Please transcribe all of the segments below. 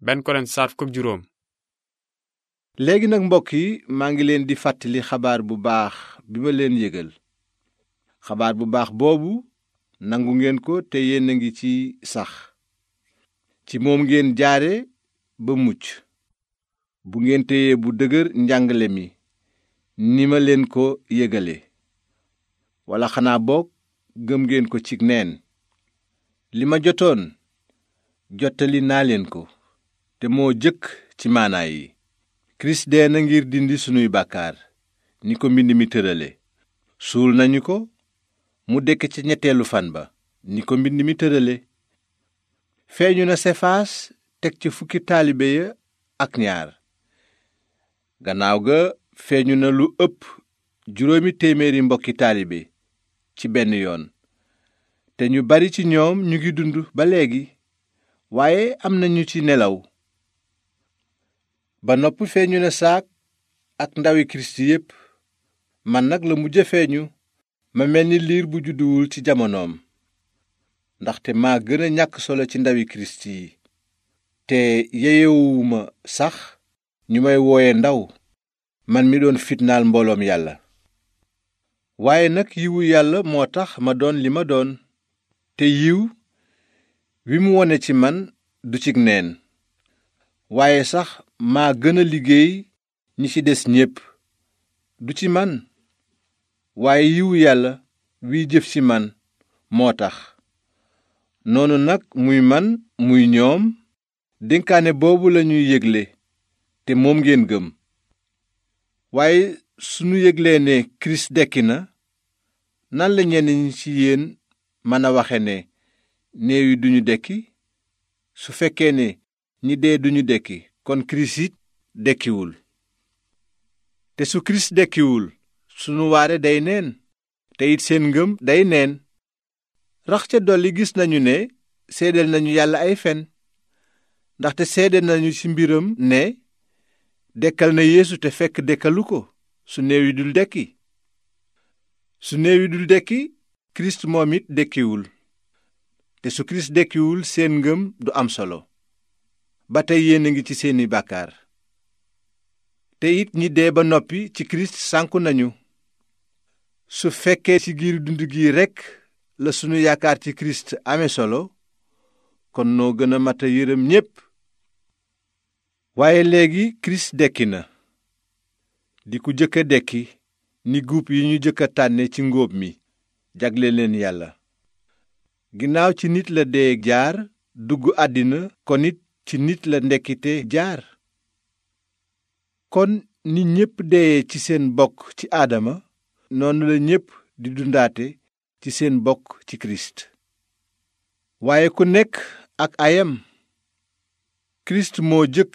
benn Korent saar fukk juróom léegi nag mbokk yi maa ngi leen di fàttali xabaar bu baax bi ma leen yëgal xabaar bu baax boobu nangu ngeen ko te yéen a ngi ci sax ci moom ngeen jaare ba mucc bu ngeen téyee bu dëgër njàngale mi ni ma leen ko yëgale walla xanaa boog gëm ngeen ko ci neen li ma jotoon jottali naa leen ko te moo jëkk ci maanaa yi kirist dee na ngir dindi sunuy bàkkaar ni ko mbind mi tërale suul nañu ko mu dekk ca ñetteelu fan ba ni ko mbind mi tërale feeñu na sefaas teg ci fukki taalibe ya ak ñaar gannaaw ga feeñu na lu ëpp juróomi téeméeri mbokki taalibe ci benn yoon te ñu bari ci ñoom ñu ngi dund ba léegi waaye am na ñu ci nelaw ba noppi feeñu ne saak ak ndawi kirist yépp man nag la mujj feeñu ma mel ni liir bu judduwul ci jamonoom ndaxte maa gën a ñàkk solo ci ndawi kirist yi te yeyewuma sax ñu may wooye ndaw man mi doon fitnaal mbooloom yàlla waaye nag yiwu yàlla moo tax ma doon li ma doon te yiw wi mu wone ci man du cig neen waaye sax maa gën a liggéey ñi ci des ñépp du ci man waaye yiwu yàlla wiy jëf ci man moo tax noonu nag muy man muy ñoom dénkaane boobu lañuy yégle te moom ngeen gëm waaye sunu yéglee ne kirist dekki na nan la ñenn ñi ci yéen mën a waxe ne néew yi duñu dekki su fekkee ne ñi dee duñu dekki kon kirist te su kirist dekkiwul sunu waare day neen te it seen ngëm day neen rax ca dolli gis nañu ne seedeel nañu yàlla ay fen ndaxte seede nañu ci mbiram ne dëkkal na yeesu te fekk dekkalu ko su néew yi dul dekki su néew yi dul dekki kirist moom it dekkiwul te su kirist dekkiwul seen ngëm du am solo ba tey yéen a ngi ci seeni bàkkaar te it ñi dee ba noppi ci kirist sànku nañu su fekkee ci giir dund gi rekk la sunu yaakaar ci kirist amee solo kon noo gën a mat yërëm ñépp waaye léegi kirist dekki na di ku jëkk a dekki ni guub yi ñu jëkk a tànne ci ngóob mi jagle leen yàlla ginnaaw ci nit la dee jaar dugg àddina kon it ci nit la ndekkite jaar kon ni ñépp dee ci seen bokk ci aadama noonu la ñépp di dundaate ci seen bokk ci kirist waaye ku nekk ak ayam kirist moo jëkk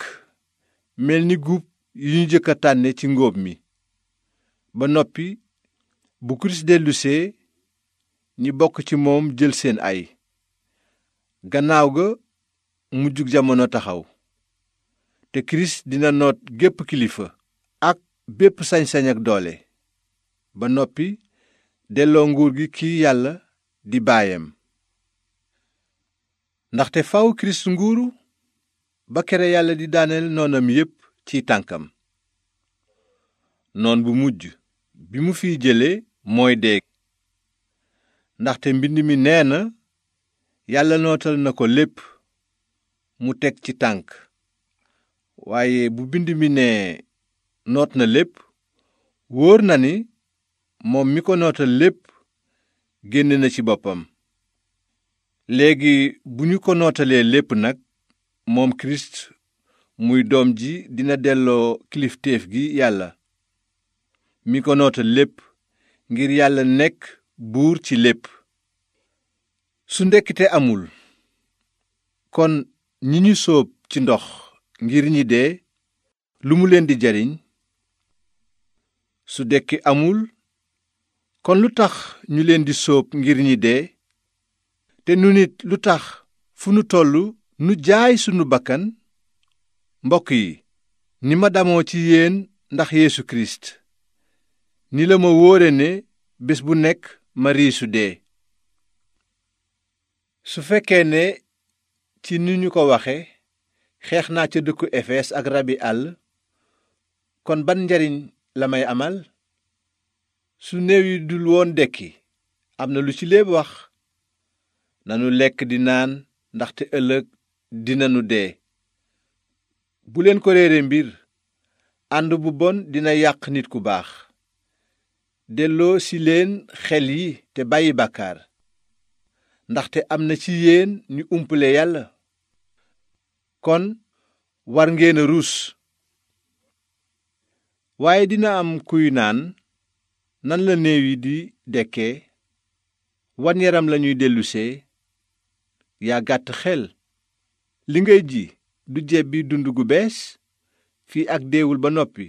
mel ni guub yu ñu jëkk tànne ci ngóob mi ba noppi bu kirist dellusee ñi bokk ci moom jël seen ay gannaaw ga mujjug jamono taxaw te kirist dina noot gépp kilifa ak bépp sañ-sañ ak doole ba noppi delloo nguur gi kii yàlla di baayam ndaxte faw kirist nguuru ba kere yàlla di daaneel noonam yépp ci tànkam noon bu mujj bi mu fiy jële mooy dee ndaxte mbind mi nee na yàlla nootal na ko lépp mu teg ci tànk waaye bu bind mi nee noot na lépp wóor na ni moom mi ko nootal lépp génn na ci boppam léegi bu ñu ko nootalee lépp nag moom kirist muy doom ji dina delloo kilifteef gi yàlla mi ko nootal lépp ngir yàlla nekk buur ci lépp su ndekkite amul kon ñi ñu sóob ci ndox ngir ñi dee lu mu leen di jariñ su dekki amul kon lu tax ñu leen di soob ngir ñi dee te nu nit lu tax fu nu tollu nu jaay sunu bakkan mbokk yi ni ma damoo ci yéen ndax yéesu Kirist ni la ma wóore ne bés bu nekk ma riisu dee su fekkee ci ni ñu ko waxe xeex naa ca dëkku efees ak rabi àll kon ban njariñ la may amal su néew yi dul woon dekki am na lu ci léeb wax nanu lekk di naan ndaxte ëllëg dinanu dee bu leen ko reere mbir ànd bu bon dina yàq nit ku baax delloo ci leen xel yi te bàyyi bàkkaar ndaxte am na ci yéen ñu umpale yàlla kon war ngeen a ruus waaye dina am kuy naan nan la néew yi di dekkee wan yaram lañuy dellusee yaa gàtt xel li ngay ji du jebbi dund gu bees fii ak deewul ba noppi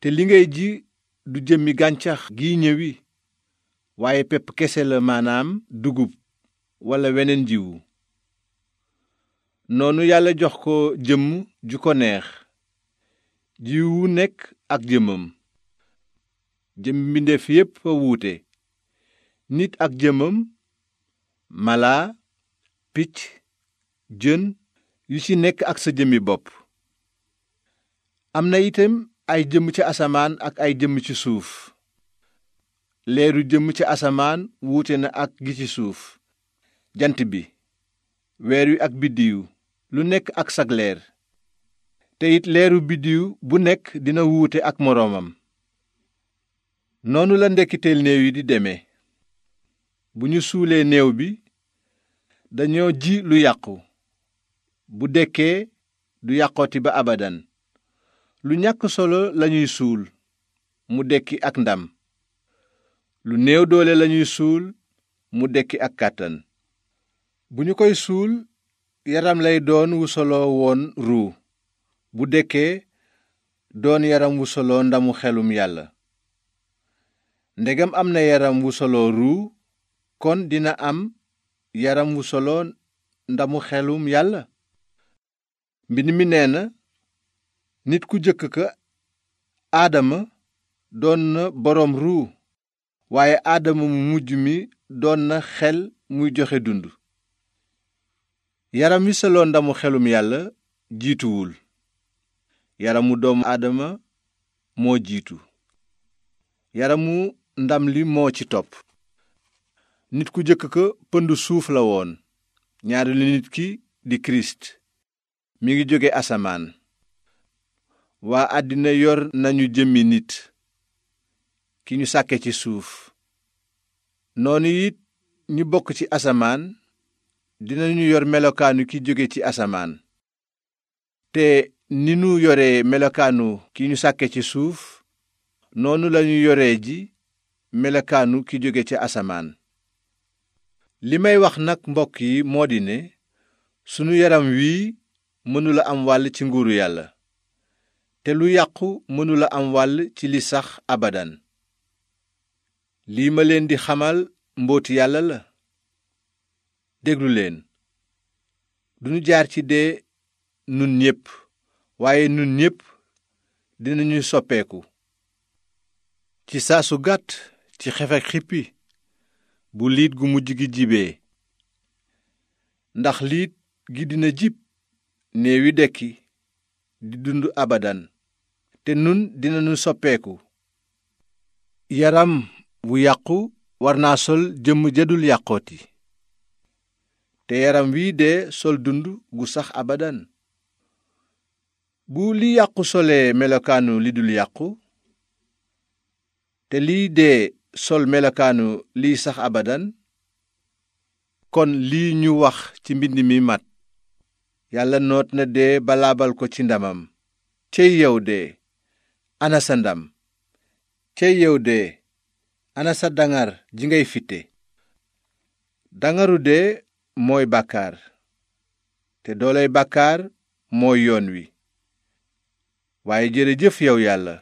te li ngay ji du jëmmi gàncax gi ñëwi waaye pepp kese la maanaam dugub walla weneen jiwu noonu yàlla jox ko jëmm ju ko neex jiw wu nekk ak jëmam jëm mbindeef yépp a wuute nit ak jëmmam malaa picc jën yu ci nekk ak sa jëmmi bopp am na itam ay jëmm ci asamaan ak ay jëmm ci suuf leeru jëm ci asamaan wuute na ak gi ci suuf jant bi weer wi ak biddiw lu nekk ak sagleer leer te it leeru biddiw bu nekk dina wuute ak moroomam noonu la ndekkiteel néew yi di deme bu ñu suulee néew bi dañoo ji lu yàqu bu dekkee du yàqooti ba abadan lu ñàkk solo lañuy suul mu dekki ak ndam lu néew doole lañuy suul mu dekki ak kàttan bu ñu koy suul yaram lay doon wu woon ruu bu dekkee doon yaram wu soloo ndamu xelum yàlla ndegam am na yaram wu soloo ruu kon dina am yaram wu soloo ndamu xelum yàlla mbind mi nee na nit ku jëkk ka aadama doon na boroom ruu waaye aadama mu mujj mi doon na xel muy joxe dund yaram wi seloo ndamu xelum yàlla jiituwul yaramu doomu aadama moo jiitu yaramu ndam li moo ci topp nit ku jëkk ko pëndu suuf la woon ñaareelu nit ki di kirist mi ngi jóge asamaan waa àddina yor nañu jëmmi nit ki ñu ci suuf noonu it ñu bokk ci asamaan dinañu yor melokaanu ki jóge ci asamaan te ni nu yore melokaanu ki ñu sàkke ci suuf noonu lañu yore ji melokaanu ki jóge ci asamaan li may wax nag mbokk yi moo di ne sunu yaram wii mënula am wàll ci nguuru yàlla te lu yàqu mënula am wàll ci li sax abadan lii ma leen di xamal mbóot yàlla la déglu leen duñu jaar ci dee nun ñépp waaye nun ñépp dinañu soppeeku ci saa su gàtt ci xefek xippi bu liit gu mujj gi jibee ndax liit gi dina jib néewi dekki di dund abadan te nun dinañu soppeeku yaram wu yàqu war sol jëmm jëdul yàqooti te yaram wii dee sol dund gu sax abadan bu li yàqu solee melokaanu li dul yàqu te lii dee sol melokaanu liy sax abadan kon lii ñu wax ci mbind mi mat yàlla noot na dee balaabal ko ci ndamam cey yow dee ana sa ndam cey yow dee ana sa dangar ji ngay fitte dangaru dee mooy bàkkaar te dooley bàkkaar mooy yoon wi waaye jërëjëf yow yàlla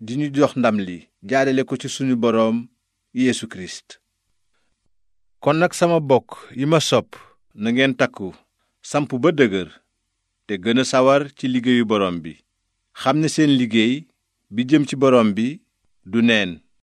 di ñu jox ndam li jaarale ko ci suñu boroom yéesu Kirist kon nag sama bokk yi ma sopp na ngeen takku samp ba dëgër te gën a sawar ci liggéeyu boroom bi xam ne seen liggéey bi jëm ci boroom bi du neen